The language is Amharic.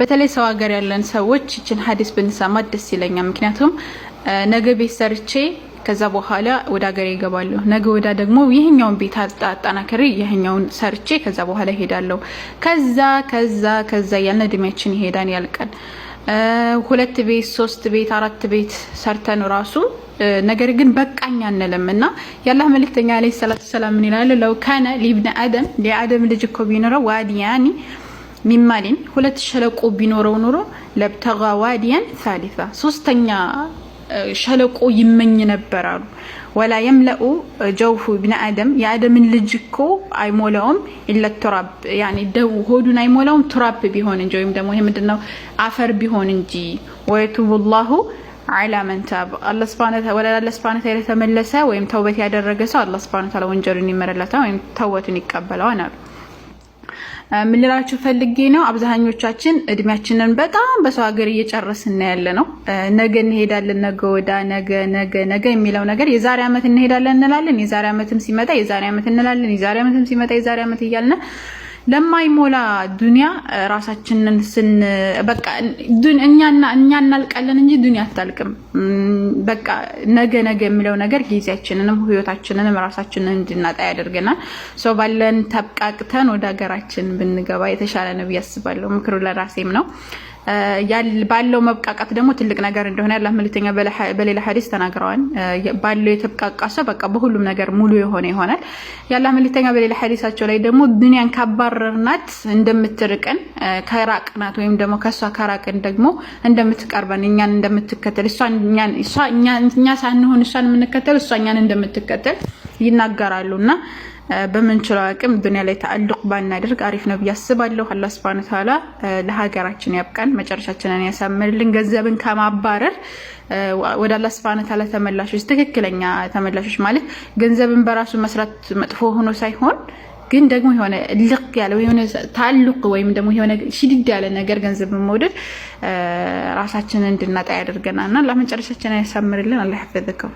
በተለይ ሰው ሀገር ያለን ሰዎች ይችን ሀዲስ ብንሰማ ደስ ይለኛል። ምክንያቱም ነገ ቤት ሰርቼ ከዛ በኋላ ወደ ሀገሬ ይገባለሁ። ነገ ወዳ ደግሞ ይህኛውን ቤት አጠናክሬ ይህኛውን ሰርቼ ከዛ በኋላ ይሄዳለሁ። ከዛ ከዛ ከዛ እያልን እድሜያችን ይሄዳን ያልቀን ሁለት ቤት ሶስት ቤት አራት ቤት ሰርተን ራሱ ነገር ግን በቃኝ አንልም እና የአላህ መልእክተኛ አለይሂ ሰላቱ ሰላም ምን ይላሉ? ለው ካነ ሊብነ አደም ለአደም ልጅ እኮ ቢኖረው ዋዲያኒ ሚማሊን ሁለት ሸለቆ ቢኖረው ኑሮ ለብተጋ ዋዲያን ሳሊሳ ሶስተኛ ሸለቆ ይመኝ ነበር አሉ። ወላ የምለኡ ጀውፉ ብን አደም የአደምን ልጅ እኮ አይሞላውም። ኢለ ቱራብ ያኔ ደው ሆዱን አይሞላውም ቱራብ ቢሆን እንጂ ወይም ደግሞ ይሄ ምንድነው አፈር ቢሆን እንጂ። ወየቱቡ ላሁ አላ መንታብ አላህ ሱብሓነሁ ወተዓላ የተመለሰ ወይም ተውበት ያደረገ ሰው አላህ ሱብሓነሁ ወተዓላ ወንጀሉን ይመረለታል ወይም ተውበቱን ይቀበለዋል አሉ። የምንላችሁ ፈልጌ ነው። አብዛኞቻችን እድሜያችንን በጣም በሰው ሀገር እየጨረስን ያለ ነው። ነገ እንሄዳለን፣ ነገ ወዳ፣ ነገ ነገ ነገ የሚለው ነገር የዛሬ ዓመት እንሄዳለን እንላለን፣ የዛሬ ዓመትም ሲመጣ የዛሬ ዓመት እንላለን፣ የዛሬ ዓመትም ሲመጣ የዛሬ ዓመት እያልን ለማይሞላ ዱኒያ ራሳችንን ስን በቃ እኛና እኛ እናልቃለን እንጂ ዱኒያ አታልቅም። በቃ ነገ ነገ የሚለው ነገር ጊዜያችንንም ህይወታችንንም ራሳችንን እንድናጣ ያደርገናል። ሰው ባለን ተብቃቅተን ወደ ሀገራችን ብንገባ የተሻለ ነው ብዬ አስባለሁ። ምክሩ ለራሴም ነው። ባለው መብቃቃት ደግሞ ትልቅ ነገር እንደሆነ ያለ መልክተኛ በሌላ ሀዲስ ተናግረዋል። ባለው የተብቃቃ ሰው በቃ በሁሉም ነገር ሙሉ የሆነ ይሆናል። ያለ መልክተኛ በሌላ ሀዲሳቸው ላይ ደግሞ ዱኒያን ካባረርናት እንደምትርቅን ከራቅናት ወይም ደግሞ ከእሷ ከራቅን ደግሞ እንደምትቀርበን እኛን እንደምትከተል እኛ ሳንሆን እሷን የምንከተል እሷ እኛን እንደምትከተል ይናገራሉ እና በምንችለው አቅም ዱኒያ ላይ ተአልቅ ባናደርግ አሪፍ ነው ብዬ አስባለሁ። አላህ ሱብሃነሁ ወተዓላ ለሀገራችን ያብቃን፣ መጨረሻችንን ያሳምርልን። ገንዘብን ከማባረር ወደ አላህ ሱብሃነሁ ወተዓላ ተመላሾች፣ ትክክለኛ ተመላሾች ማለት ገንዘብን በራሱ መስራት መጥፎ ሆኖ ሳይሆን ግን ደግሞ የሆነ ልቅ ያለ የሆነ ታልቅ ወይም ደግሞ የሆነ ሽድድ ያለ ነገር ገንዘብ መውደድ ራሳችንን እንድናጣ ያደርገናል እና ለመጨረሻችን ያሳምርልን አላህ ያፈዘከው